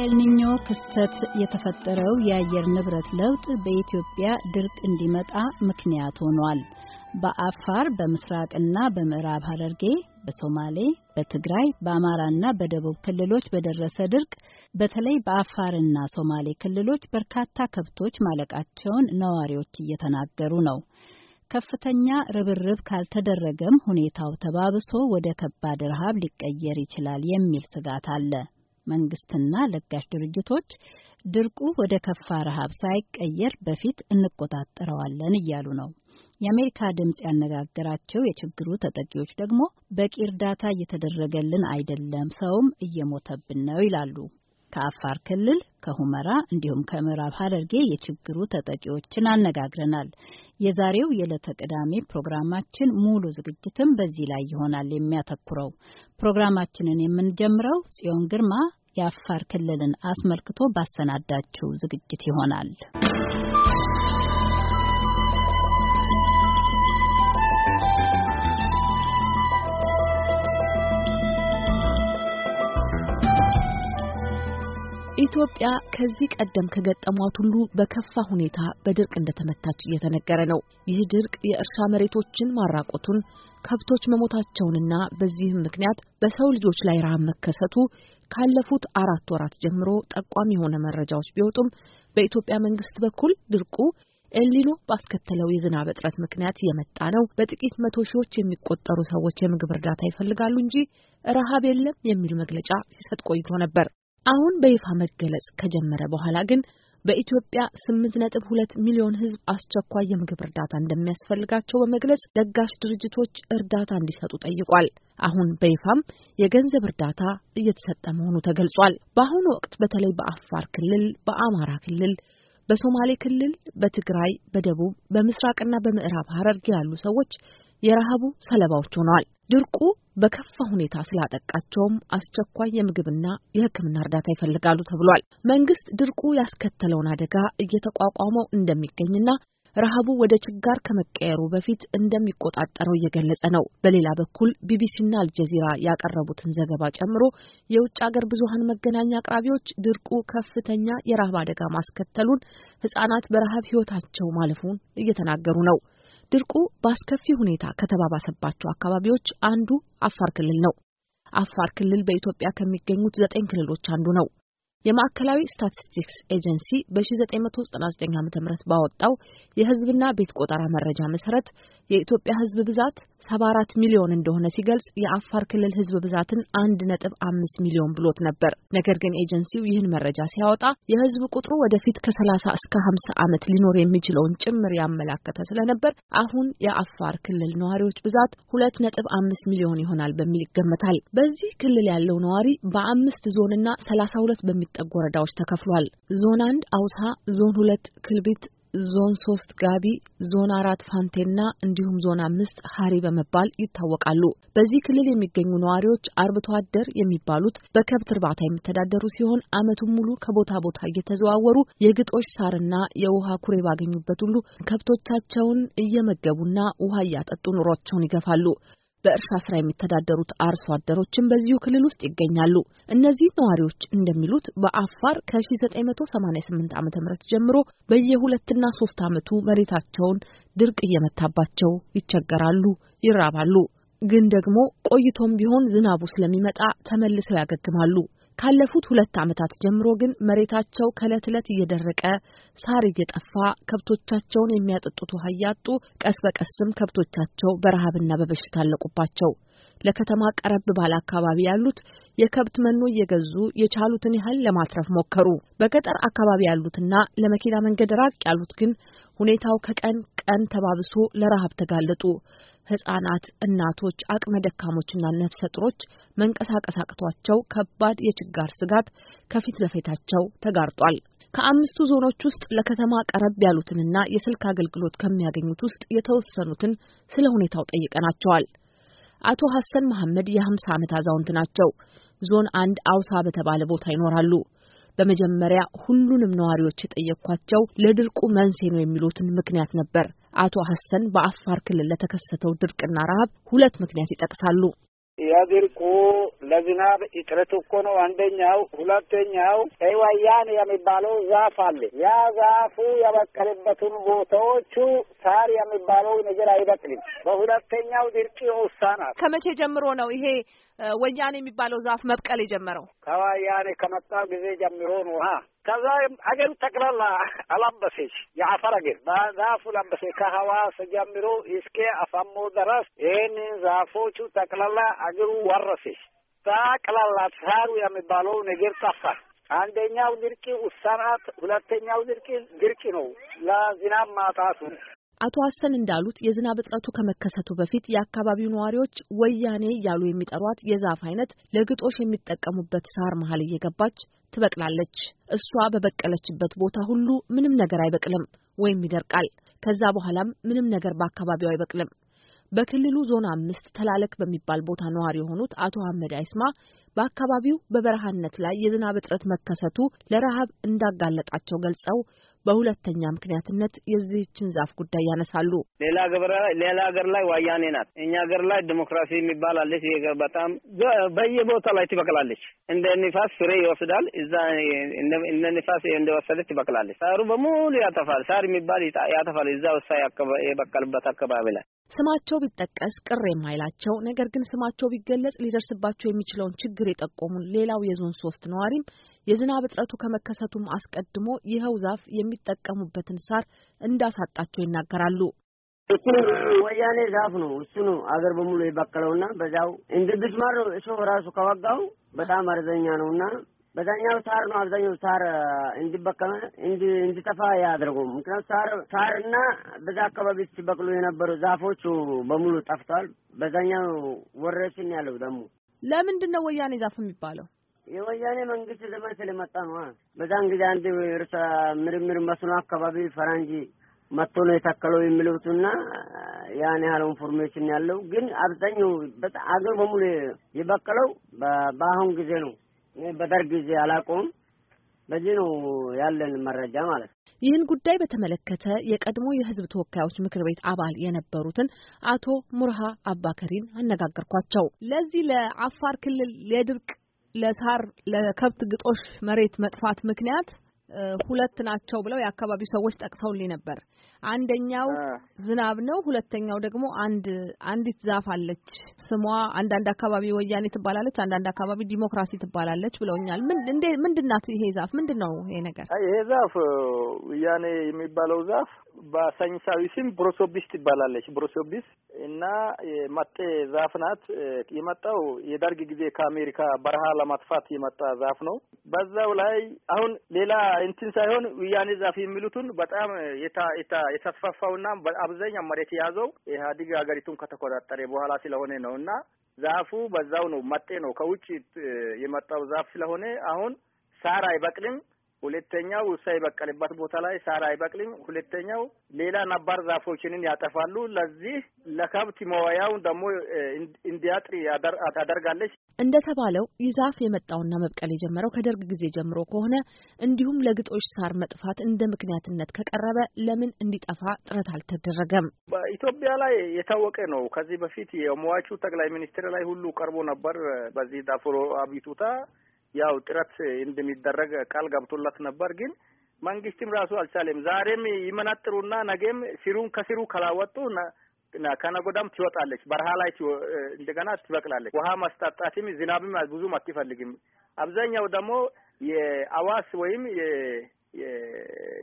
ኤልኒኞ ክስተት የተፈጠረው የአየር ንብረት ለውጥ በኢትዮጵያ ድርቅ እንዲመጣ ምክንያት ሆኗል። በአፋር በምስራቅና በምዕራብ ሐረርጌ፣ በሶማሌ፣ በትግራይ፣ በአማራና በደቡብ ክልሎች በደረሰ ድርቅ በተለይ በአፋርና ሶማሌ ክልሎች በርካታ ከብቶች ማለቃቸውን ነዋሪዎች እየተናገሩ ነው። ከፍተኛ ርብርብ ካልተደረገም ሁኔታው ተባብሶ ወደ ከባድ ረሃብ ሊቀየር ይችላል የሚል ስጋት አለ። መንግስትና ለጋሽ ድርጅቶች ድርቁ ወደ ከፋ ረሃብ ሳይቀየር በፊት እንቆጣጠረዋለን እያሉ ነው። የአሜሪካ ድምጽ ያነጋገራቸው የችግሩ ተጠቂዎች ደግሞ በቂ እርዳታ እየተደረገልን አይደለም፣ ሰውም እየሞተብን ነው ይላሉ። ከአፋር ክልል ከሁመራ እንዲሁም ከምዕራብ ሀረርጌ የችግሩ ተጠቂዎችን አነጋግረናል። የዛሬው የዕለተ ቅዳሜ ፕሮግራማችን ሙሉ ዝግጅትም በዚህ ላይ ይሆናል የሚያተኩረው። ፕሮግራማችንን የምንጀምረው ጽዮን ግርማ የአፋር ክልልን አስመልክቶ ባሰናዳችው ዝግጅት ይሆናል። ኢትዮጵያ ከዚህ ቀደም ከገጠሟት ሁሉ በከፋ ሁኔታ በድርቅ እንደተመታች እየተነገረ ነው። ይህ ድርቅ የእርሻ መሬቶችን ማራቆቱን፣ ከብቶች መሞታቸውንና በዚህም ምክንያት በሰው ልጆች ላይ ረሃብ መከሰቱ ካለፉት አራት ወራት ጀምሮ ጠቋሚ የሆነ መረጃዎች ቢወጡም በኢትዮጵያ መንግስት በኩል ድርቁ ኤልኒኖ ባስከተለው የዝናብ እጥረት ምክንያት የመጣ ነው፣ በጥቂት መቶ ሺዎች የሚቆጠሩ ሰዎች የምግብ እርዳታ ይፈልጋሉ እንጂ ረሃብ የለም የሚል መግለጫ ሲሰጥ ቆይቶ ነበር። አሁን በይፋ መገለጽ ከጀመረ በኋላ ግን በኢትዮጵያ 8.2 ሚሊዮን ሕዝብ አስቸኳይ የምግብ እርዳታ እንደሚያስፈልጋቸው በመግለጽ ለጋሽ ድርጅቶች እርዳታ እንዲሰጡ ጠይቋል። አሁን በይፋም የገንዘብ እርዳታ እየተሰጠ መሆኑ ተገልጿል። በአሁኑ ወቅት በተለይ በአፋር ክልል፣ በአማራ ክልል፣ በሶማሌ ክልል፣ በትግራይ፣ በደቡብ፣ በምስራቅና በምዕራብ ሀረርጌ ያሉ ሰዎች የረሃቡ ሰለባዎች ሆነዋል። ድርቁ በከፋ ሁኔታ ስላጠቃቸውም አስቸኳይ የምግብና የሕክምና እርዳታ ይፈልጋሉ ተብሏል። መንግስት ድርቁ ያስከተለውን አደጋ እየተቋቋመው እንደሚገኝና ረሃቡ ወደ ችጋር ከመቀየሩ በፊት እንደሚቆጣጠረው እየገለጸ ነው። በሌላ በኩል ቢቢሲና አልጀዚራ ያቀረቡትን ዘገባ ጨምሮ የውጭ ሀገር ብዙሀን መገናኛ አቅራቢዎች ድርቁ ከፍተኛ የረሃብ አደጋ ማስከተሉን፣ ህጻናት በረሃብ ህይወታቸው ማለፉን እየተናገሩ ነው። ድርቁ በአስከፊ ሁኔታ ከተባባሰባቸው አካባቢዎች አንዱ አፋር ክልል ነው። አፋር ክልል በኢትዮጵያ ከሚገኙት ዘጠኝ ክልሎች አንዱ ነው። የማዕከላዊ ስታቲስቲክስ ኤጀንሲ በ1999 ዓ ም ባወጣው የሕዝብና ቤት ቆጠራ መረጃ መሰረት የኢትዮጵያ ህዝብ ብዛት 74 ሚሊዮን እንደሆነ ሲገልጽ የአፋር ክልል ህዝብ ብዛትን አንድ ነጥብ አምስት ሚሊዮን ብሎት ነበር። ነገር ግን ኤጀንሲው ይህን መረጃ ሲያወጣ የህዝብ ቁጥሩ ወደፊት ከ30 እስከ 50 ዓመት ሊኖር የሚችለውን ጭምር ያመላከተ ስለነበር አሁን የአፋር ክልል ነዋሪዎች ብዛት ሁለት ነጥብ አምስት ሚሊዮን ይሆናል በሚል ይገመታል። በዚህ ክልል ያለው ነዋሪ በአምስት ዞንና 32 በሚጠጉ ወረዳዎች ተከፍሏል። ዞን አንድ አውሳ፣ ዞን 2 ክልቢት፣ ዞን ሶስት ጋቢ፣ ዞን አራት ፋንቴና እንዲሁም ዞን አምስት ሀሪ በመባል ይታወቃሉ። በዚህ ክልል የሚገኙ ነዋሪዎች አርብቶ አደር የሚባሉት በከብት እርባታ የሚተዳደሩ ሲሆን ዓመቱን ሙሉ ከቦታ ቦታ እየተዘዋወሩ የግጦሽ ሳርና የውሃ ኩሬ ባገኙበት ሁሉ ከብቶቻቸውን እየመገቡና ውሃ እያጠጡ ኑሯቸውን ይገፋሉ። በእርሻ ስራ የሚተዳደሩት አርሶ አደሮችም በዚሁ ክልል ውስጥ ይገኛሉ። እነዚህ ነዋሪዎች እንደሚሉት በአፋር ከ1988 ዓ ም ጀምሮ በየሁለትና ሶስት ዓመቱ መሬታቸውን ድርቅ እየመታባቸው ይቸገራሉ፣ ይራባሉ። ግን ደግሞ ቆይቶም ቢሆን ዝናቡ ስለሚመጣ ተመልሰው ያገግማሉ። ካለፉት ሁለት ዓመታት ጀምሮ ግን መሬታቸው ከእለት እለት እየደረቀ ሳር እየጠፋ ከብቶቻቸውን የሚያጠጡት ውሃ እያጡ ቀስ በቀስም ከብቶቻቸው በረሃብና በበሽታ አለቁባቸው። ለከተማ ቀረብ ባለ አካባቢ ያሉት የከብት መኖ እየገዙ የቻሉትን ያህል ለማትረፍ ሞከሩ። በገጠር አካባቢ ያሉትና ለመኪና መንገድ ራቅ ያሉት ግን ሁኔታው ከቀን ቀን ተባብሶ ለረሃብ ተጋለጡ። ህጻናት፣ እናቶች፣ አቅመ ደካሞችና ነፍሰ ጥሮች መንቀሳቀስ አቅቷቸው ከባድ የችጋር ስጋት ከፊት ለፊታቸው ተጋርጧል። ከአምስቱ ዞኖች ውስጥ ለከተማ ቀረብ ያሉትንና የስልክ አገልግሎት ከሚያገኙት ውስጥ የተወሰኑትን ስለ ሁኔታው ጠይቀናቸዋል። አቶ ሀሰን መሐመድ የ የሀምሳ ዓመት አዛውንት ናቸው። ዞን አንድ አውሳ በተባለ ቦታ ይኖራሉ። በመጀመሪያ ሁሉንም ነዋሪዎች የጠየኳቸው ለድርቁ መንስኤ ነው የሚሉትን ምክንያት ነበር። አቶ ሀሰን በአፋር ክልል ለተከሰተው ድርቅና ረሀብ ሁለት ምክንያት ይጠቅሳሉ። የድርቁ ለዝናብ እጥረት እኮ ነው አንደኛው። ሁለተኛው ኤዋያን የሚባለው ዛፍ አለ። ያ ዛፉ የበቀልበትን ቦታዎቹ ሳር የሚባለው ነገር አይበቅልም። በሁለተኛው ድርቅ የውሳ ከመቼ ጀምሮ ነው ይሄ ወያኔ የሚባለው ዛፍ መብቀል የጀመረው? ከወያኔ ከመጣ ጊዜ ጀምሮ ነው። ሀ ከዛ አገር ጠቅላላ አላበሰች የአፈር አገር ዛፉ ለበሰ። ከሐዋሳ ጀምሮ እስከ አፋሞ ድረስ ይህን ዛፎቹ ጠቅላላ አገሩ ወረሰች። ጠቅላላ ሳሩ የሚባለው ነገር ጠፋ። አንደኛው ድርቂ ውሳናት፣ ሁለተኛው ድርቂ ድርቂ ነው ለዝናብ ማጣቱ አቶ ሀሰን እንዳሉት የዝናብ እጥረቱ ከመከሰቱ በፊት የአካባቢው ነዋሪዎች ወያኔ እያሉ የሚጠሯት የዛፍ አይነት ለግጦሽ የሚጠቀሙበት ሳር መሀል እየገባች ትበቅላለች። እሷ በበቀለችበት ቦታ ሁሉ ምንም ነገር አይበቅልም ወይም ይደርቃል። ከዛ በኋላም ምንም ነገር በአካባቢው አይበቅልም። በክልሉ ዞን አምስት ተላለክ በሚባል ቦታ ነዋሪ የሆኑት አቶ አህመድ አይስማ በአካባቢው በበረሃነት ላይ የዝናብ እጥረት መከሰቱ ለረሃብ እንዳጋለጣቸው ገልጸው በሁለተኛ ምክንያትነት የዚህችን ዛፍ ጉዳይ ያነሳሉ። ሌላ ሌላ ሀገር ላይ ወያኔ ናት፣ እኛ ሀገር ላይ ዲሞክራሲ የሚባል አለች። ይገር በጣም በየቦታ ላይ ትበቅላለች። እንደ ንፋስ ፍሬ ይወስዳል። እዛ እንደ ንፋስ እንደወሰደ ትበቅላለች። ሳሩ በሙሉ ያጠፋል። ሳር የሚባል ያጠፋል። እዛ ውሳ የበቀልበት አካባቢ ላይ ስማቸው ቢጠቀስ ቅር የማይላቸው ነገር ግን ስማቸው ቢገለጽ ሊደርስባቸው የሚችለውን ችግር የጠቆሙ ሌላው የዞን ሶስት ነዋሪም የዝናብ እጥረቱ ከመከሰቱም አስቀድሞ ይኸው ዛፍ የሚጠቀሙበትን ሳር እንዳሳጣቸው ይናገራሉ። እሱ ወያኔ ዛፍ ነው። እሱ ነው አገር በሙሉ የበቀለውና በዛው እንደ ነው። እሱ ራሱ ከዋጋው በጣም አርዘኛ ነውና በዛኛው ሳር ነው አብዛኛው ሳር እንዲበከመ እንዲ እንዲጠፋ ያደርጉ። ምክንያቱም ሳር ሳርና በዛ አካባቢ ሲበቅሉ የነበሩ ዛፎቹ በሙሉ ጠፍቷል። በዛኛው ወረሽን ያለው ደግሞ ለምንድን ነው ወያኔ ዛፍ የሚባለው? የወያኔ መንግስት ዘመን ስለመጣ ነው። በዛን ጊዜ አንድ ርዕሰ ምርምር መስኖ አካባቢ ፈራንጂ መጥቶ ነው የተከለው የሚሉትና ያን ያህል ኢንፎርሜሽን ያለው ግን አብዛኛው በጣም አገር በሙሉ የበቀለው በአሁን ጊዜ ነው። በደርግ ጊዜ አላቆም በዚህ ነው ያለን መረጃ ማለት ነው። ይህን ጉዳይ በተመለከተ የቀድሞ የህዝብ ተወካዮች ምክር ቤት አባል የነበሩትን አቶ ሙርሃ አባከሪን አነጋገርኳቸው። ለዚህ ለአፋር ክልል የድርቅ ለሳር ለከብት ግጦሽ መሬት መጥፋት ምክንያት ሁለት ናቸው ብለው የአካባቢው ሰዎች ጠቅሰውልኝ ነበር። አንደኛው ዝናብ ነው። ሁለተኛው ደግሞ አንድ አንዲት ዛፍ አለች ስሟ አንዳንድ አካባቢ ወያኔ ትባላለች፣ አንዳንድ አካባቢ ዲሞክራሲ ትባላለች ብለውኛል። ምንድን ናት ይሄ ዛፍ? ምንድን ነው ይሄ ነገር? ይሄ ዛፍ ወያኔ የሚባለው ዛፍ በሳይንሳዊ ስም ብሮሶቢስ ትባላለች። ብሮሶቢስ እና መጤ ዛፍ ናት። የመጣው የደርግ ጊዜ ከአሜሪካ በረሃ ለማጥፋት የመጣ ዛፍ ነው። በዛው ላይ አሁን ሌላ እንትን ሳይሆን ውያኔ ዛፍ የሚሉትን በጣም የተስፋፋውና አብዛኛው መሬት የያዘው ኢህአዲግ ሀገሪቱን ከተቆጣጠረ በኋላ ስለሆነ ነው እና ዛፉ በዛው ነው መጤ ነው ከውጭ የመጣው ዛፍ ስለሆነ አሁን ሳር አይበቅልም። ሁለተኛው ውሳ ይበቀልበት ቦታ ላይ ሳር አይበቅልም። ሁለተኛው ሌላ ነባር ዛፎችንን ያጠፋሉ። ለዚህ ለከብት መዋያውን ደግሞ እንዲያጥር ታደርጋለች። እንደተባለው ይህ ዛፍ የመጣውና መብቀል የጀመረው ከደርግ ጊዜ ጀምሮ ከሆነ እንዲሁም ለግጦሽ ሳር መጥፋት እንደ ምክንያትነት ከቀረበ ለምን እንዲጠፋ ጥረት አልተደረገም? በኢትዮጵያ ላይ የታወቀ ነው። ከዚህ በፊት የሟቹ ጠቅላይ ሚኒስትር ላይ ሁሉ ቀርቦ ነበር። በዚህ ዳፍሮ አቤቱታ ያው ጥረት እንደሚደረግ ቃል ገብቶላት ነበር ግን መንግስትም ራሱ አልቻለም። ዛሬም ይመናጥሩና ነገም ሲሩን ከሲሩ ካላወጡ ከነጎዳም ትወጣለች። በረሃ ላይ እንደገና ትበቅላለች። ውሃ ማስጣጣትም ዝናብም ብዙም አትፈልግም። አብዛኛው ደግሞ የአዋስ ወይም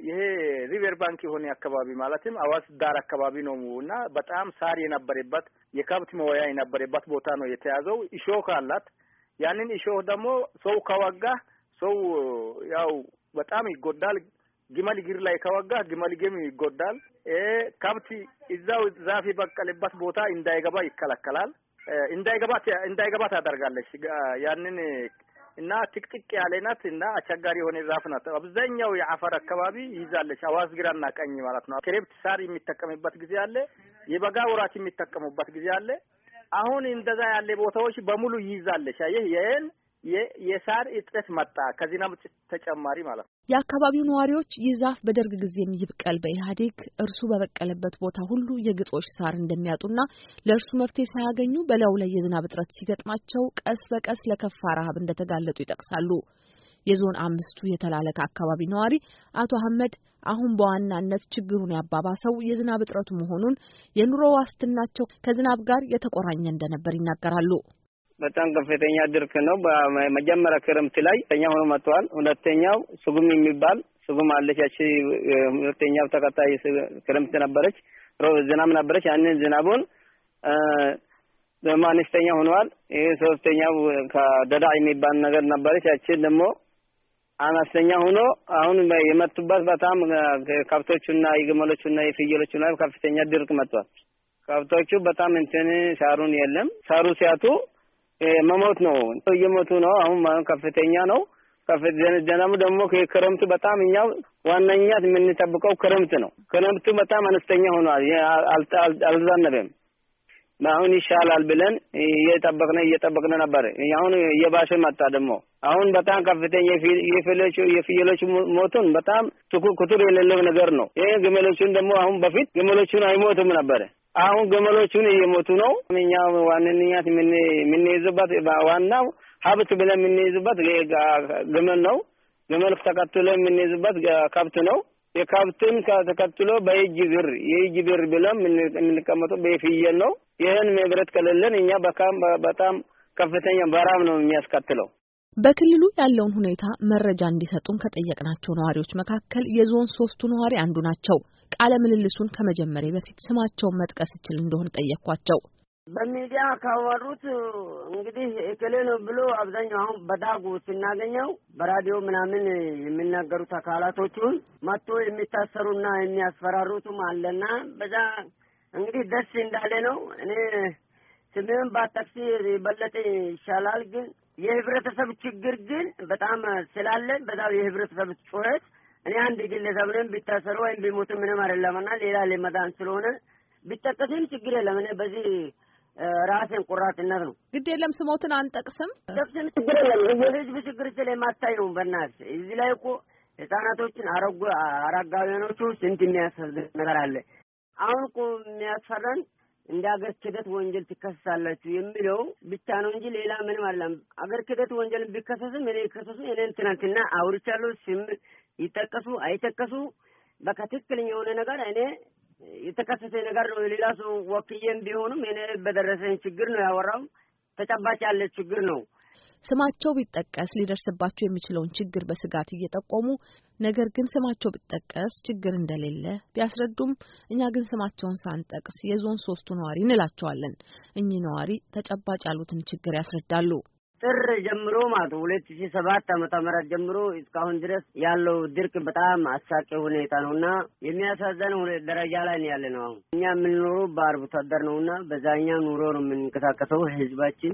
ይሄ ሪቨር ባንክ የሆነ አካባቢ ማለትም አዋስ ዳር አካባቢ ነው እና በጣም ሳር የነበረበት የከብት መወያ የነበረበት ቦታ ነው የተያዘው። እሾክ አላት። ያንን እሾህ ደግሞ ሰው ከወጋ ሰው ያው በጣም ይጎዳል። ግመል እግር ላይ ከወጋ ግመል እግርም ይጎዳል። ከብት እዛው ዛፍ በቀለበት ቦታ እንዳይገባ ይከለከላል። እንዳይገባ እንዳይገባ ታደርጋለች። ያንን እና ጥቅጥቅ ያለ ናት እና አስቸጋሪ የሆነ ዛፍ ናት። አብዛኛው የአፈር አካባቢ ይዛለች አዋስ ግራና ቀኝ ማለት ነው። ክሬፕት ሳር የሚጠቀምበት ጊዜ አለ። የበጋ ወራት የሚጠቀሙበት ጊዜ አለ። አሁን እንደዛ ያለ ቦታዎች በሙሉ ይይዛለች። አየህ ይህን የሳር እጥረት መጣ ከዜና ተጨማሪ ማለት ነው። የአካባቢው ነዋሪዎች ይህ ዛፍ በደርግ ጊዜም ይብቀል በኢህአዴግ እርሱ በበቀለበት ቦታ ሁሉ የግጦሽ ሳር እንደሚያጡና ለእርሱ መፍትሄ ሳያገኙ በላዩ ላይ የዝናብ እጥረት ሲገጥማቸው ቀስ በቀስ ለከፋ ረሀብ እንደተጋለጡ ይጠቅሳሉ። የዞን አምስቱ የተላለከ አካባቢ ነዋሪ አቶ አህመድ አሁን በዋናነት ችግሩን ያባባሰው የዝናብ እጥረቱ መሆኑን የኑሮ ዋስትናቸው ከዝናብ ጋር የተቆራኘ እንደነበር ይናገራሉ። በጣም ከፍተኛ ድርቅ ነው። በመጀመሪያ ክረምት ላይ ተኛ ሆኖ መጥተዋል። ሁለተኛው ስጉም የሚባል ስጉም አለች። ያቺ ሁለተኛው ተከታይ ክረምት ነበረች፣ ዝናብ ነበረች። ያንን ዝናቡን በማንስተኛ ሆኗል። ይህ ሶስተኛው ከደዳ የሚባል ነገር ነበረች። ያችን ደግሞ አነስተኛ ሆኖ አሁን የመጡበት በጣም ከብቶቹና የግመሎቹና የፍየሎቹ ላይ ከፍተኛ ድርቅ መጥቷል። ከብቶቹ በጣም እንትን ሳሩን የለም። ሳሩ ሲያቱ መሞት ነው፣ እየሞቱ ነው። አሁን ከፍተኛ ነው። ከፍደናሙ ደግሞ ክረምቱ በጣም እኛ ዋናኛ የምንጠብቀው ክረምት ነው። ክረምቱ በጣም አነስተኛ ሆኗል፣ አልዘነበም። አሁን ይሻላል ብለን እየጠበቅነ እየጠበቅነ ነበር። አሁን እየባሰ መጣ። ደግሞ አሁን በጣም ከፍተኛ የፍየሎች የፍየሎች ሞቱን በጣም ቁጥር የሌለው ነገር ነው። ይህ ግመሎቹን ደግሞ አሁን በፊት ግመሎቹን አይሞቱም ነበር። አሁን ግመሎቹን እየሞቱ ነው። እኛ ዋንኛት የምንይዝበት ዋናው ሀብት ብለን የምንይዝበት ግመል ነው። ግመል ተከትሎ የምንይዝበት ከብት ነው። የከብትም ተከትሎ በእጅ ብር የእጅ ብር ብለን የምንቀመጠው በፍየል ነው። ይህን ህብረት ከሌለን እኛ በካም በጣም ከፍተኛ በራም ነው የሚያስከትለው። በክልሉ ያለውን ሁኔታ መረጃ እንዲሰጡን ከጠየቅናቸው ነዋሪዎች መካከል የዞን ሶስቱ ነዋሪ አንዱ ናቸው። ቃለ ምልልሱን ከመጀመሪያ በፊት ስማቸውን መጥቀስ ይችል እንደሆን ጠየቅኳቸው። በሚዲያ ካወሩት እንግዲህ እክሌ ነው ብሎ አብዛኛው አሁን በዳጉ ስናገኘው በራዲዮ ምናምን የሚናገሩት አካላቶቹን መጥቶ የሚታሰሩና የሚያስፈራሩትም አለና በዛ እንግዲህ ደስ እንዳለ ነው። እኔ ስሜን ባጠቅሲ በለጠ ይሻላል። ግን የህብረተሰብ ችግር ግን በጣም ስላለ በዛ የህብረተሰብ ጩኸት እኔ አንድ ግለሰብ ነን ቢታሰሩ ወይም ቢሞቱ ምንም አይደለም ሌላ ሊመዳን ስለሆነ ቢጠቀስም ችግር የለም እኔ በዚህ ራሴን ቁራጥነት ነው። ግድ የለም ስሞትን አንጠቅስም። ጠቅስም ችግር የለም። የህዝብ ችግር ስለ የማታየው ነው። በእናትህ እዚህ ላይ እኮ ህጻናቶችን አረጉ አረጋውያኖቹ ስንት የሚያሳዝን ነገር አለ። አሁን እኮ የሚያስፈራን እንደ አገር ክደት ወንጀል ትከሰሳላችሁ የሚለው ብቻ ነው እንጂ ሌላ ምንም አለም። አገር ክደት ወንጀል ቢከሰስም እኔ ከሰሱ እኔን ትናንትና አውርቻለሁ። ስም ይጠቀሱ አይጠቀሱ በቃ ትክክለኛ የሆነ ነገር እኔ የተከሰተ ነገር ነው። ሌላ ሰው ወክዬም ቢሆንም እኔ በደረሰኝ ችግር ነው ያወራው። ተጨባጭ ያለ ችግር ነው። ስማቸው ቢጠቀስ ሊደርስባቸው የሚችለውን ችግር በስጋት እየጠቆሙ ነገር ግን ስማቸው ቢጠቀስ ችግር እንደሌለ ቢያስረዱም እኛ ግን ስማቸውን ሳንጠቅስ የዞን ሶስቱ ነዋሪ እንላቸዋለን። እኚህ ነዋሪ ተጨባጭ ያሉትን ችግር ያስረዳሉ። ጥር ጀምሮ ማለት ሁለት ሺ ሰባት ዓመተ ምህረት ጀምሮ እስካሁን ድረስ ያለው ድርቅ በጣም አሳቂ ሁኔታ ነው እና የሚያሳዘን ደረጃ ላይ ነው ያለ ነው። አሁን እኛ የምንኖረው በአርብቶ አደር ነው እና በዛኛ ኑሮ ነው የምንንቀሳቀሰው ህዝባችን።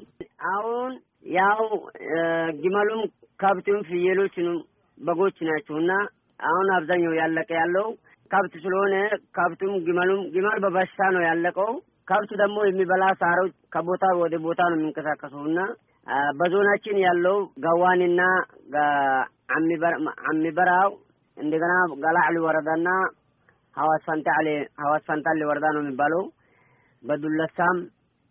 አሁን ያው ግመሉም፣ ከብቱም፣ ፍየሎችንም በጎች ናቸው እና አሁን አብዛኛው ያለቀ ያለው ከብት ስለሆነ ከብቱም ግመሉም ግመል በበሽታ ነው ያለቀው። ከብት ደግሞ የሚበላ ሳሮች ከቦታ ወደ ቦታ ነው የሚንቀሳቀሰው እና በዞናችን ያለው ጋዋኒና አሚበራው እንደገና ገላዕሊ ወረዳና ሀዋስ ፈንታሌ ወረዳ ነው የሚባለው በዱለሳም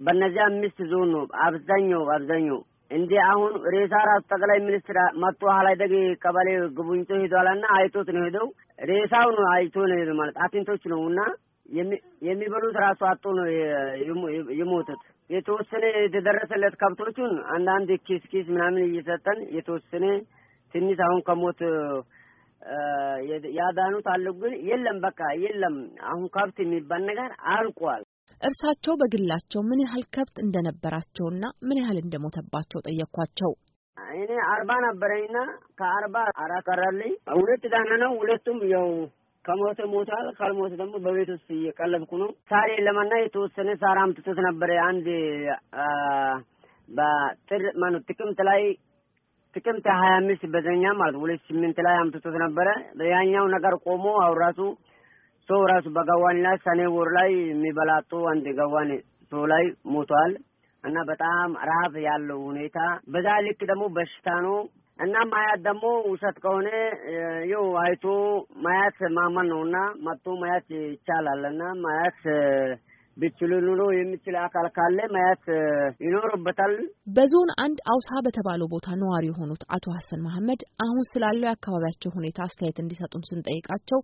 በእነዚህ አምስት ዞን ነው አብዛኛው አብዛኛው እንደ አሁን ሬሳ ራሱ ጠቅላይ ሚኒስትር መጥቶ ሀላይ ደግ ቀበሌ ግቡኝቶ ሄዷልና አይቶት ነው ሄደው ሬሳው ነው አይቶ ነው ሄደው ማለት አቲንቶች ነው እና የሚበሉት ራሱ አጡ ነው የሞቱት። የተወሰነ የተደረሰለት ከብቶቹን አንዳንድ ኪስ ኪስ ምናምን እየሰጠን የተወሰነ ትንሽ አሁን ከሞት ያዳኑት አሉ። ግን የለም በቃ የለም። አሁን ከብት የሚባል ነገር አልቋል። እርሳቸው በግላቸው ምን ያህል ከብት እንደነበራቸውና ምን ያህል እንደሞተባቸው ጠየኳቸው። እኔ አርባ ነበረኝና ከአርባ አራት ቀረልኝ። ሁለት ዳና ነው። ሁለቱም ያው ከሞተ ሞታል፣ ካልሞተ ደግሞ በቤት ውስጥ እየቀለብኩ ነው። ሳር የለምና የተወሰነ ሳር አምጥቶት ነበረ። አንድ በጥር ማነው ጥቅምት ላይ ጥቅምት ሀያ አምስት በዘኛ ማለት ሁለት ስምንት ላይ አምጥቶት ነበረ። ያኛው ነገር ቆሞ አሁን ራሱ ሰው ራሱ በገዋን ላይ ሰኔ ወር ላይ የሚበላጡ አንድ ገዋን ሰው ላይ ሞቷል እና በጣም ረሀብ ያለው ሁኔታ በዛ ልክ ደግሞ በሽታ ነው። እና ማያት ደግሞ ውሰት ከሆነ ይው አይቶ ማያት ማመን ነው እና መጥቶ ማያት ይቻላል እና ማያት ብችልሉ የሚችል አካል ካለ ማየት ይኖርበታል። በዞን አንድ አውሳ በተባለው ቦታ ነዋሪ የሆኑት አቶ ሀሰን መሀመድ አሁን ስላለው የአካባቢያቸው ሁኔታ አስተያየት እንዲሰጡን ስንጠይቃቸው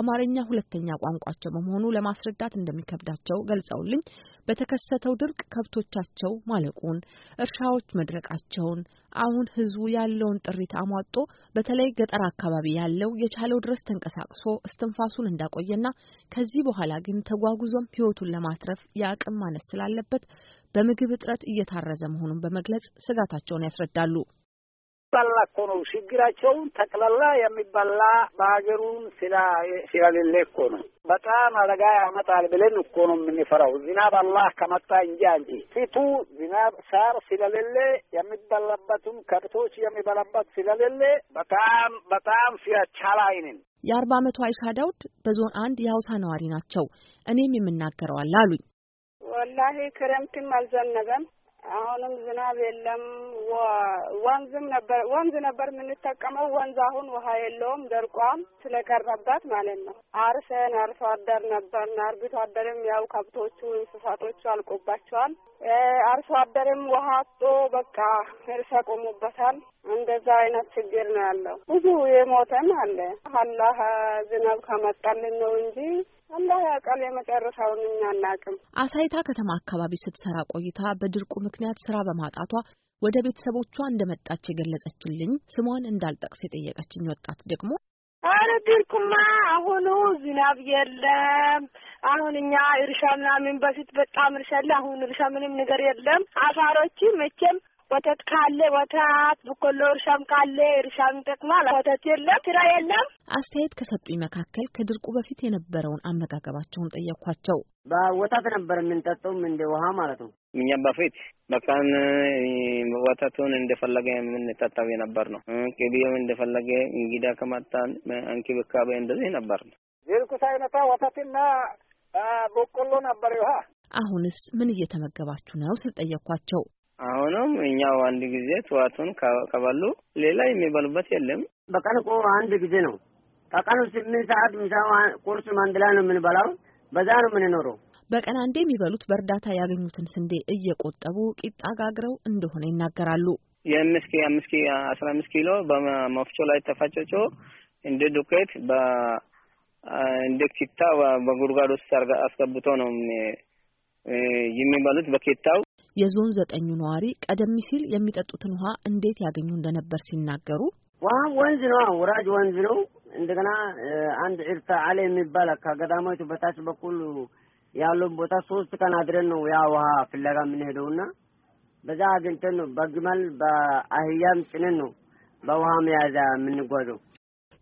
አማርኛ ሁለተኛ ቋንቋቸው በመሆኑ ለማስረዳት እንደሚከብዳቸው ገልጸውልኝ በተከሰተው ድርቅ ከብቶቻቸው ማለቁን፣ እርሻዎች መድረቃቸውን አሁን ህዝቡ ያለውን ጥሪት አሟጦ በተለይ ገጠር አካባቢ ያለው የቻለው ድረስ ተንቀሳቅሶ እስትንፋሱን እንዳቆየና ከዚህ በኋላ ግን ተጓጉዞም ህይወቱን ለማ ለማትረፍ የአቅም ማነስ ስላለበት በምግብ እጥረት እየታረዘ መሆኑን በመግለጽ ስጋታቸውን ያስረዳሉ። ባላ እኮ ነው ችግራቸውን ጠቅላላ የሚባላ በሀገሩን ስለሌለ እኮ ነው። በጣም አደጋ ያመጣል ብለን እኮ ነው የምንፈራው። ዝናብ አላህ ከመጣ እንጂ አንጂ ፊቱ ዝናብ ሳር ስለሌለ የሚበላበትም ከብቶች የሚበላበት ስለሌለ በጣም በጣም ሲያቻላ አይንን የአርባ አመቱ አይሻ ዳውድ በዞን አንድ የሀውሳ ነዋሪ ናቸው። እኔም የምናገረዋል አሉኝ። ወላሂ ክረምትም አልዘነበም አሁንም ዝናብ የለም። ወንዝም ነበር ወንዝ ነበር የምንጠቀመው ወንዝ አሁን ውሃ የለውም፣ ደርቋም ስለቀረባት ማለት ነው። አርሰን አርሶ አደር ነበር። አርብቶ አደርም ያው ከብቶቹ እንስሳቶቹ አልቆባቸዋል። አርሶ አደርም ውሃ አጥቶ በቃ እርሰ ቆሙበታል። እንደዛ አይነት ችግር ነው ያለው። ብዙ የሞተም አለ። አላህ ዝናብ ከመጣልን ነው እንጂ አላህ ያውቃል። የመጨረሻውን እኛ አናውቅም። አሳይታ ከተማ አካባቢ ስትሰራ ቆይታ በድርቁ ምክንያት ስራ በማጣቷ ወደ ቤተሰቦቿ እንደመጣች የገለጸችልኝ ስሟን እንዳልጠቅስ የጠየቀችኝ ወጣት ደግሞ አረ ድርቁማ አሁኑ ዝናብ የለም። አሁን እኛ እርሻ ምናምን በፊት በጣም እርሻ አለ። አሁን እርሻ ምንም ነገር የለም። አፋሮች መቼም ወተት ካለ ወተት፣ በቆሎ እርሻም ካለ እርሻም ይጠቅማል። ወተት የለም፣ ስራ የለም። አስተያየት ከሰጡኝ መካከል ከድርቁ በፊት የነበረውን አመጋገባቸውን ጠየኳቸው። በወተት ነበር የምንጠጣውም እንደ ውሃ ማለት ነው። እኛም በፊት በቃን ወተቱን እንደፈለገ የምንጠጣው የነበር ነው። ቅቤው እንደፈለገ እንግዳ ከመጣን እንክብካቤ እንደዚህ ነበር ነው። ድርቁ ሳይመጣ ወተትና በቆሎ ነበር ውሃ። አሁንስ ምን እየተመገባችሁ ነው ስል ጠየኳቸው። አሁንም እኛው አንድ ጊዜ ጠዋቱን ከበሉ ሌላ የሚበሉበት የለም። በቀን እኮ አንድ ጊዜ ነው። ከቀኑ ስምንት ሰዓት ምሳው ቁርስ አንድ ላይ ነው የምንበላው። በዛ ነው የምንኖረው። በቀን አንዴ የሚበሉት በእርዳታ ያገኙትን ስንዴ እየቆጠቡ ቂጣ ጋግረው እንደሆነ ይናገራሉ። የአምስት አምስት አስራ አምስት ኪሎ በመፍጮ ላይ ተፈጨጮ እንደ ዱቄት እንደ ኪታ በጉድጓድ ውስጥ አስገብቶ ነው የሚበሉት በኬታው የዞን ዘጠኙ ነዋሪ ቀደም ሲል የሚጠጡትን ውሃ እንዴት ያገኙ እንደነበር ሲናገሩ ውሃ ወንዝ ነው፣ ወራጅ ወንዝ ነው። እንደገና አንድ ዒርታ አለ የሚባል ከገዳማዊቱ በታች በኩል ያለውን ቦታ ሶስት ቀን አድረን ነው ያ ውሃ ፍለጋ የምንሄደው እና በዛ አግኝተን ነው በግመል በአህያም ጭነን ነው በውሃ መያዣ የምንጓዘው።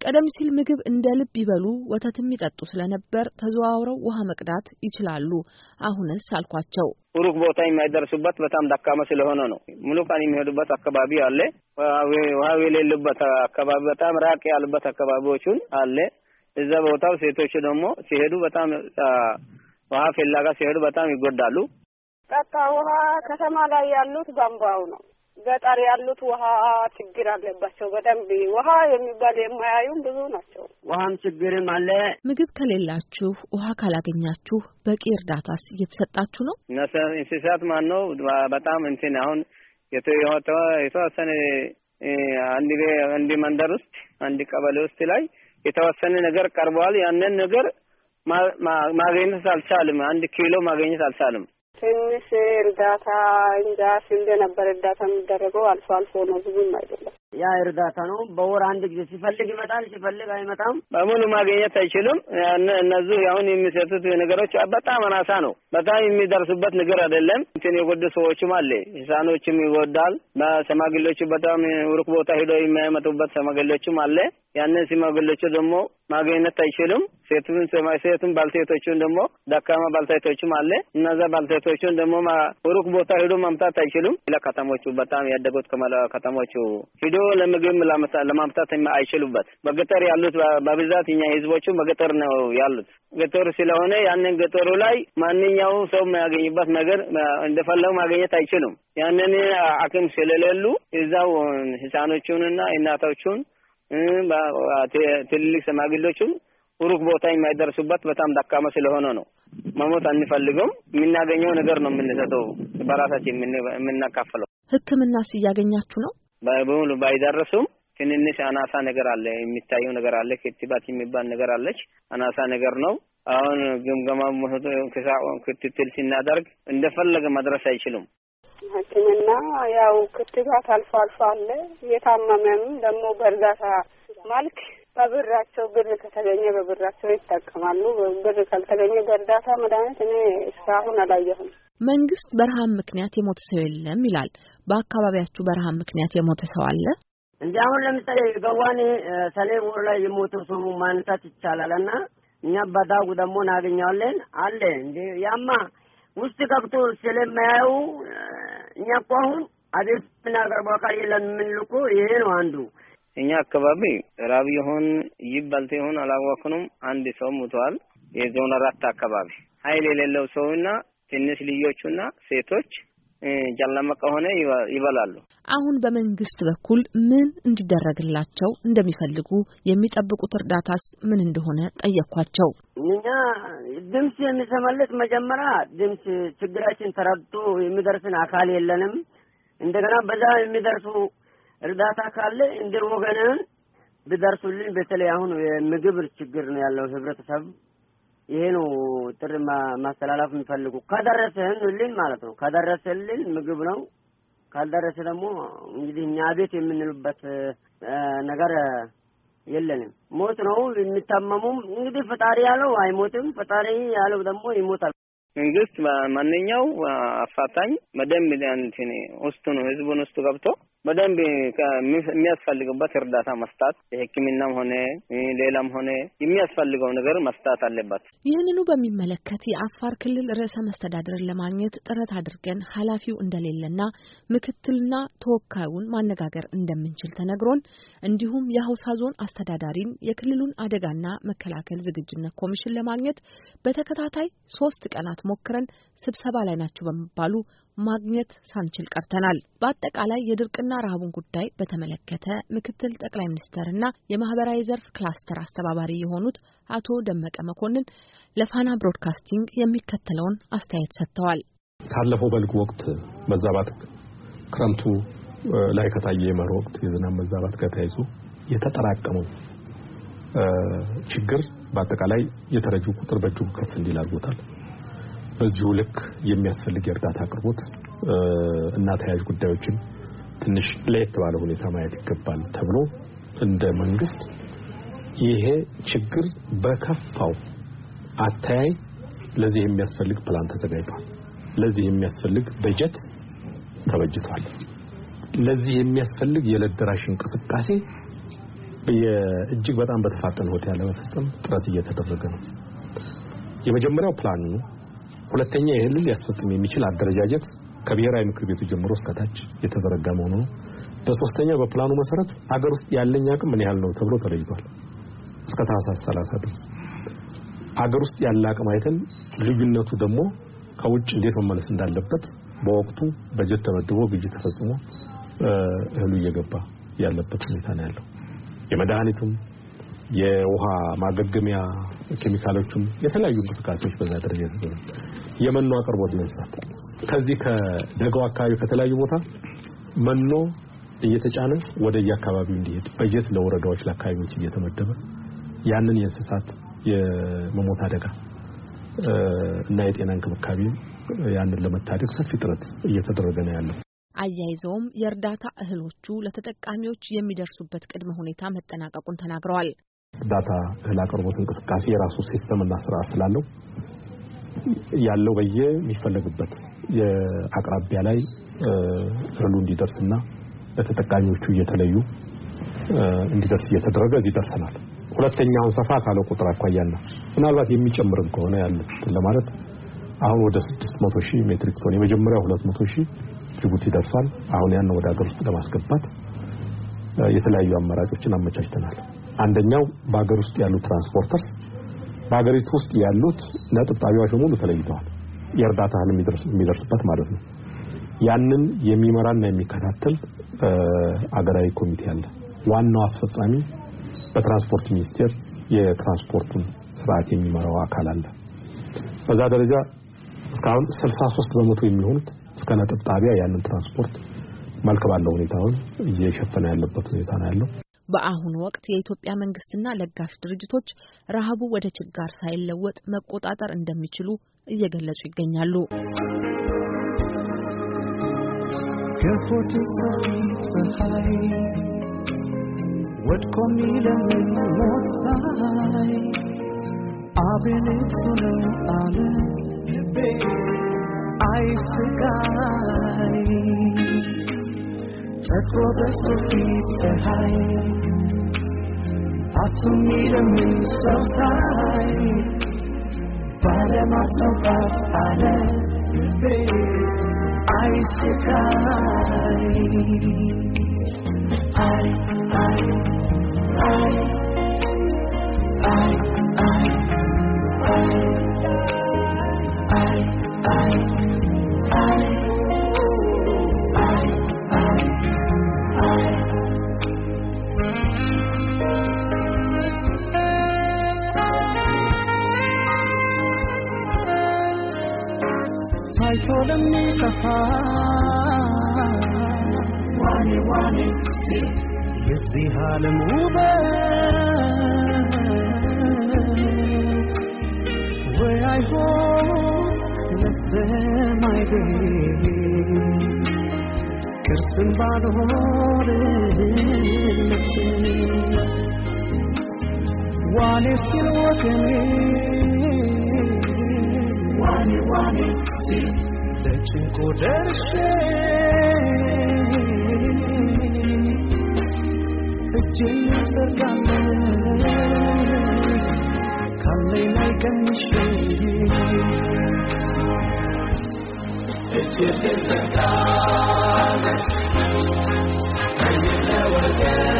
ቀደም ሲል ምግብ እንደ ልብ ይበሉ፣ ወተትም ይጠጡ ስለነበር ተዘዋውረው ውሃ መቅዳት ይችላሉ። አሁንስ አልኳቸው ሩቅ ቦታ የማይደርሱበት በጣም ደካማ ስለሆነ ነው። ሙሉ ቀን የሚሄዱበት አካባቢ አለ። ውሃ የሌሉበት አካባቢ በጣም ራቅ ያሉበት አካባቢዎቹን አለ። እዛ ቦታው ሴቶች ደግሞ ሲሄዱ በጣም ውሃ ፍለጋ ሲሄዱ በጣም ይጎዳሉ። ጠጣ ውሃ ከተማ ላይ ያሉት ቧንቧው ነው። ገጠር ያሉት ውሃ ችግር አለባቸው በደንብ ውሃ የሚባል የማያዩም ብዙ ናቸው። ውሃም ችግርም አለ። ምግብ ከሌላችሁ ውሃ ካላገኛችሁ በቂ እርዳታስ እየተሰጣችሁ ነው? እንስሳት ማን ነው በጣም እንትን አሁን የተወሰነ አንድ አንድ መንደር ውስጥ አንድ ቀበሌ ውስጥ ላይ የተወሰነ ነገር ቀርበዋል። ያንን ነገር ማግኘት አልቻልም። አንድ ኪሎ ማግኘት አልቻልም። ትንሽ እርዳታ እንጃ ስንዴ ነበር እርዳታ የሚደረገው አልፎ አልፎ ነው፣ ብዙም አይደለም። ያ እርዳታ ነው። በወር አንድ ጊዜ ሲፈልግ ይመጣል፣ ሲፈልግ አይመጣም። በሙሉ ማግኘት አይችልም። እነዚህ አሁን የሚሰጡት ነገሮች በጣም አናሳ ነው። በጣም የሚደርሱበት ነገር አይደለም። እንትን የጎዱ ሰዎችም አለ፣ ህፃኖችም ይጎዳል። በሸማግሌዎቹ በጣም ሩቅ ቦታ ሂዶ የሚያመጡበት ሸማግሌዎችም አለ። ያንን ሽማግሌዎቹ ደግሞ ማግኘት አይችልም። ሴቱን ሴቱን ባልቴቶቹን ደግሞ ደካማ ባልቴቶችም አለ። እነዛ ባልቴቶቹን ደግሞ ሩቅ ቦታ ሂዶ ማምጣት አይችልም። ለከተሞቹ በጣም ያደጉት ከተሞቹ ሂዶ ለምግብ ለማምጣት አይችሉበት። በገጠር ያሉት በብዛት እኛ ህዝቦቹ በገጠር ነው ያሉት። ገጠር ስለሆነ ያንን ገጠሩ ላይ ማንኛው ሰው የሚያገኝበት ነገር እንደፈለጉ ማግኘት አይችሉም። ያንን አቅም ስለሌሉ እዛው ህፃኖቹንና እናቶቹን ትልልቅ ሽማግሌዎቹን ሩቅ ቦታ የማይደርሱበት በጣም ደካማ ስለሆነ ነው። መሞት አንፈልገውም። የምናገኘው ነገር ነው የምንሰጠው፣ በራሳችን የምናካፍለው። ህክምናስ እያገኛችሁ ነው? በሙሉ ባይደርሱም ትንንሽ አናሳ ነገር አለ፣ የሚታየው ነገር አለ። ክትባት የሚባል ነገር አለች፣ አናሳ ነገር ነው። አሁን ግምገማ መሆኑ ክትትል ሲናደርግ እንደፈለገ መድረስ አይችሉም። ሕክምና ያው ክትባት አልፎ አልፎ አለ። የታመመም ደግሞ በእርዳታ መልክ በብራቸው ብር ከተገኘ በብራቸው ይጠቀማሉ። ብር ካልተገኘ በእርዳታ መድኃኒት እኔ እስካሁን አላየሁም። መንግስት በረሃብ ምክንያት የሞተ ሰው የለም ይላል። በአካባቢያችሁ በረሃብ ምክንያት የሞተ ሰው አለ? እንዲህ አሁን ለምሳሌ ገዋኔ ሰሌ ወር ላይ የሞተ ሰው ማንሳት ይቻላል እና እኛ በዳጉ ደግሞ እናገኘዋለን አለ እንዲ ያማ ውስጥ ገብቶ ስለማያዩ እኛ እኮ አሁን አቤት የምናቀርበው አካል የለን የምንልኩ ይሄ ነው አንዱ እኛ አካባቢ ራብ ይሆን ይበልጥ ይሆን አላወቅንም። አንድ ሰው ሙቷል። የዞን አራት አካባቢ ኃይል የሌለው ሰውና ትንሽ ልጆቹና ሴቶች ጨለማ ከሆነ ይበላሉ። አሁን በመንግስት በኩል ምን እንዲደረግላቸው እንደሚፈልጉ የሚጠብቁት እርዳታስ ምን እንደሆነ ጠየኳቸው። እኛ ድምፅ የሚሰማለት መጀመሪያ ድምፅ ችግራችን ተረድቶ የሚደርስን አካል የለንም። እንደገና በዛ የሚደርሱ እርዳታ ካለ እንድር ወገንን ቢደርሱልን በተለይ አሁን የምግብ ችግር ነው ያለው ህብረተሰብ ይሄ ነው ጥሪ ማስተላለፍ የሚፈልጉ ከደረሰህልኝ ማለት ነው። ከደረሰልን ምግብ ነው፣ ካልደረሰ ደግሞ እንግዲህ እኛ ቤት የምንሉበት ነገር የለንም። ሞት ነው የሚታመሙም እንግዲህ ፈጣሪ ያለው አይሞትም፣ ፈጣሪ ያለው ደግሞ ይሞታል። መንግስት ማንኛው አፋጣኝ መደብ ውስጡ ነው ህዝቡን ውስጡ ገብቶ በደንብ የሚያስፈልግበት እርዳታ መስጣት የሕክምናም ሆነ ሌላም ሆነ የሚያስፈልገው ነገር መስጣት አለባት። ይህንኑ በሚመለከት የአፋር ክልል ርዕሰ መስተዳድርን ለማግኘት ጥረት አድርገን ኃላፊው እንደሌለና ምክትልና ተወካዩን ማነጋገር እንደምንችል ተነግሮን እንዲሁም የሀውሳ ዞን አስተዳዳሪን የክልሉን አደጋና መከላከል ዝግጁነት ኮሚሽን ለማግኘት በተከታታይ ሶስት ቀናት ሞክረን ስብሰባ ላይ ናቸው በመባሉ ማግኘት ሳንችል ቀርተናል። በአጠቃላይ የድርቅና ረሃቡን ጉዳይ በተመለከተ ምክትል ጠቅላይ ሚኒስተርና የማህበራዊ ዘርፍ ክላስተር አስተባባሪ የሆኑት አቶ ደመቀ መኮንን ለፋና ብሮድካስቲንግ የሚከተለውን አስተያየት ሰጥተዋል። ካለፈው በልግ ወቅት መዛባት ክረምቱ ላይ ከታየ የመኸር ወቅት የዝናብ መዛባት ጋር ተያይዞ የተጠራቀመው ችግር በአጠቃላይ የተረጂው ቁጥር በእጅጉ ከፍ እንዲል አድርጎታል። በዚሁ ልክ የሚያስፈልግ የእርዳታ አቅርቦት እና ተያያዥ ጉዳዮችን ትንሽ ለየት ባለ ሁኔታ ማየት ይገባል ተብሎ እንደ መንግስት ይሄ ችግር በከፋው አተያይ ለዚህ የሚያስፈልግ ፕላን ተዘጋጅቷል። ለዚህ የሚያስፈልግ በጀት ተበጅቷል። ለዚህ የሚያስፈልግ የለደራሽ እንቅስቃሴ እጅግ በጣም በተፋጠነ ሁኔታ ለመፈጸም ጥረት እየተደረገ ነው። የመጀመሪያው ፕላን ነው። ሁለተኛ ይህን ሊያስፈጽም የሚችል አደረጃጀት ከብሔራዊ ምክር ቤቱ ጀምሮ እስከታች የተዘረጋ መሆኑ ነው። በሶስተኛ በፕላኑ መሰረት አገር ውስጥ ያለኝ አቅም ምን ያህል ነው ተብሎ ተለይቷል። እስከ ታህሳስ 30 ድረስ አገር ውስጥ ያለ አቅም አይተን ልዩነቱ ደግሞ ከውጭ እንዴት መመለስ እንዳለበት በወቅቱ በጀት ተመድቦ ግዥ ተፈጽሞ እህሉ እየገባ ያለበት ሁኔታ ነው ያለው። የመድኃኒቱም የውሃ ማገገሚያ ኬሚካሎቹም የተለያዩ እንቅስቃሴዎች በዛ ደረጃ የመኖ አቅርቦት መዝጋት ከዚህ ከደጋው አካባቢ ከተለያዩ ቦታ መኖ እየተጫነ ወደ የአካባቢው እንዲሄድ በጀት ለወረዳዎች ለአካባቢዎች እየተመደበ ያንን የእንስሳት የመሞት አደጋ እና የጤና እንክብካቤ ያንን ለመታደግ ሰፊ ጥረት እየተደረገ ነው ያለው። አያይዘውም የእርዳታ እህሎቹ ለተጠቃሚዎች የሚደርሱበት ቅድመ ሁኔታ መጠናቀቁን ተናግረዋል። እርዳታ እህል አቅርቦት እንቅስቃሴ የራሱ ሲስተምና ስርዓት ስላለው ያለው በየ የሚፈለግበት የአቅራቢያ ላይ እህሉ እንዲደርስና ለተጠቃሚዎቹ እየተለዩ እንዲደርስ እየተደረገ እዚህ ደርሰናል። ሁለተኛውን ሰፋ ካለው ቁጥር አኳያና ምናልባት የሚጨምርም ከሆነ ያለ ለማለት አሁን ወደ 600 ሺህ ሜትሪክ ቶን የመጀመሪያው 200 ሺህ ጅቡቲ ደርሷል። አሁን ያን ወደ ሀገር ውስጥ ለማስገባት የተለያዩ አማራጮችን አመቻችተናል። አንደኛው በሀገር ውስጥ ያሉ ትራንስፖርተርስ በሀገሪቱ ውስጥ ያሉት ነጥብ ጣቢያዎች በሙሉ ተለይተዋል። የእርዳታ እህል የሚደርስበት ማለት ነው። ያንን የሚመራና የሚከታተል አገራዊ ኮሚቴ አለ። ዋናው አስፈጻሚ በትራንስፖርት ሚኒስቴር የትራንስፖርቱን ስርዓት የሚመራው አካል አለ። በዛ ደረጃ እስካሁን 63 በመቶ የሚሆኑት እስከ ነጥብ ጣቢያ ያንን ትራንስፖርት መልክ ባለው ሁኔታውን እየሸፈነ ያለበት ሁኔታ ነው ያለው። በአሁኑ ወቅት የኢትዮጵያ መንግስትና ለጋሽ ድርጅቶች ረሃቡ ወደ ችጋር ሳይለወጥ መቆጣጠር እንደሚችሉ እየገለጹ ይገኛሉ። ከፎትን Tackled so deep behind After me the moon so high Bale maso bat bale Aizekai I, ai, ai Ai, ai, ai Ai, ai, Adam ne kaha wani wani yazi halin ube where i go let them i be kirsten bad hore wani silo kene wani wani see 在青稞的水，在金色高原，看未来更炫丽。在金色高原，欢迎来我家。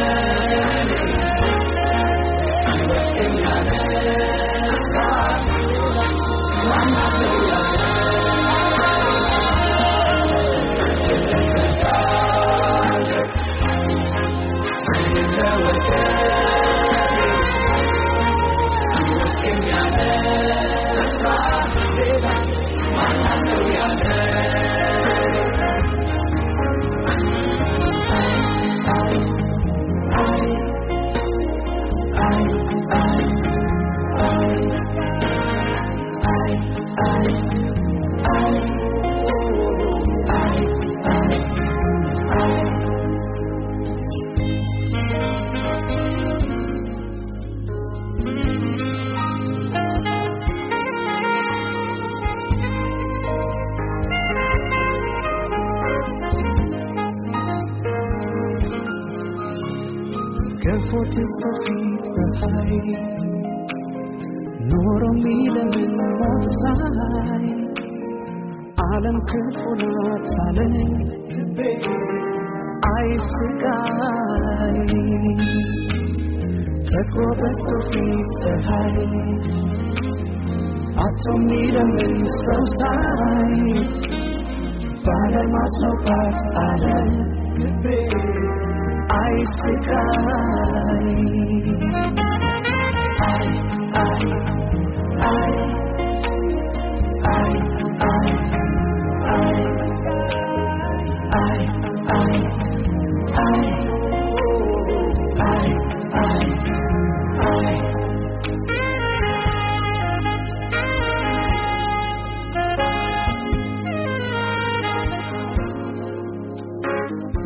ኖሮ የሚለኝ መሳይ ዓለም ክፉ ናት አለኝ አይስጋይ ተኮ በስቶ ፊት ፀሐይ አቶ የሚለምን ሰው ሳይ ባለማስኖባት አለ አይስጋይ I, I. 爱爱爱爱爱爱爱爱爱。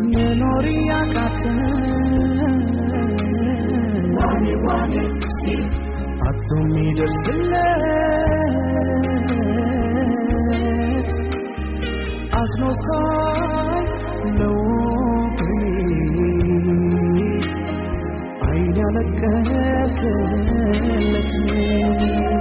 你诺里亚格真，瓦尼瓦尼西。Masumir sile Asno sal no pili Ayna lakas letni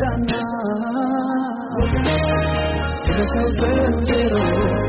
Santa